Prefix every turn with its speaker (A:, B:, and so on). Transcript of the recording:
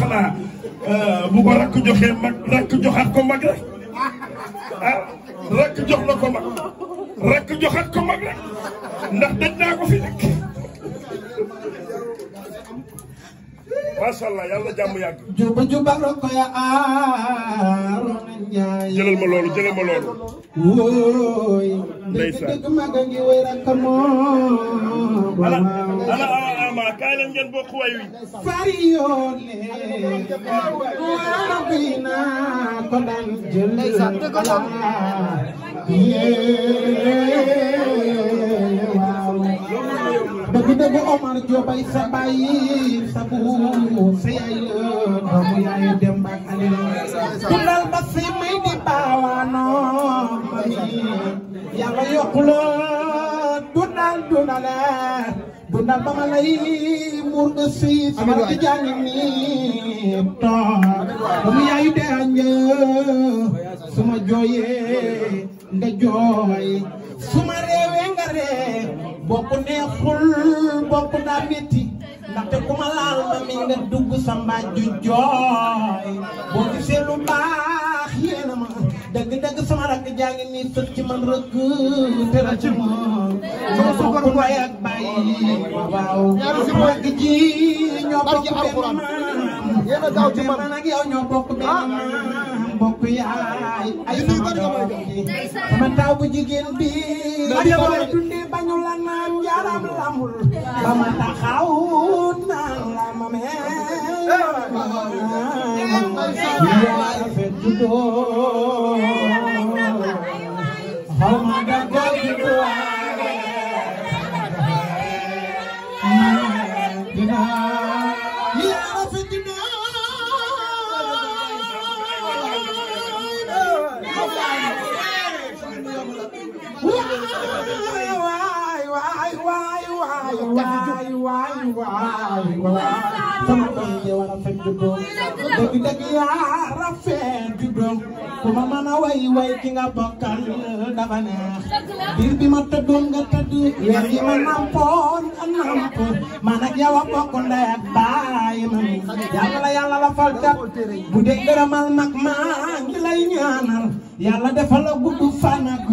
A: xanaa euh, bu ko rak joxee mag rakk joxaat ko mag rek rak ah, rakk jox na ko mag rakk joxaat ko mag rek ndax daj naa ko fi nekk. ya jëlal ma loolu jëlal ma loolu. wóoy. ndeysaan mag ngi ala ala. ah kaay leen ngeen bokk way wi fari bi naa ko daan jël dëgg dëgg Omar Diobay sa baay sabu sa yaay doomu yaay dem ba ale dundal ba si may di baawaano mami yàlla yokk la dundal duna bama lay murga siif ma tijaani nii toog dama yaayu de aña suma jooyee nga jooy suma reewee nga ree bokk neexul bokk daa metti ndaxte kuma laal ma mi nga dugg sa mbaaju jooy sama rakk ini ngi regu sut ci man rëgg te la ci moom sama suukar baay ak baay waaw rakk ji ñoo bokk benn maam te man ak yow ñoo bokk benn maam bokk yaay ay sama doom ji sama taaw bu jigéen bi sama waay waay waay waay waay sama doom yow rafet juddoom dëgg dëgg yaa rafet juddoom ku ma mën a way way ki nga bokkal dafa neex biir ma tëddoon nga tëdd weer ma nampoon nga namp man ak yow a bokk ma mi yàlla yàlla la fal bu dee gërëmal mag maa ngi lay ñaanal yàlla defal la gudd fan ak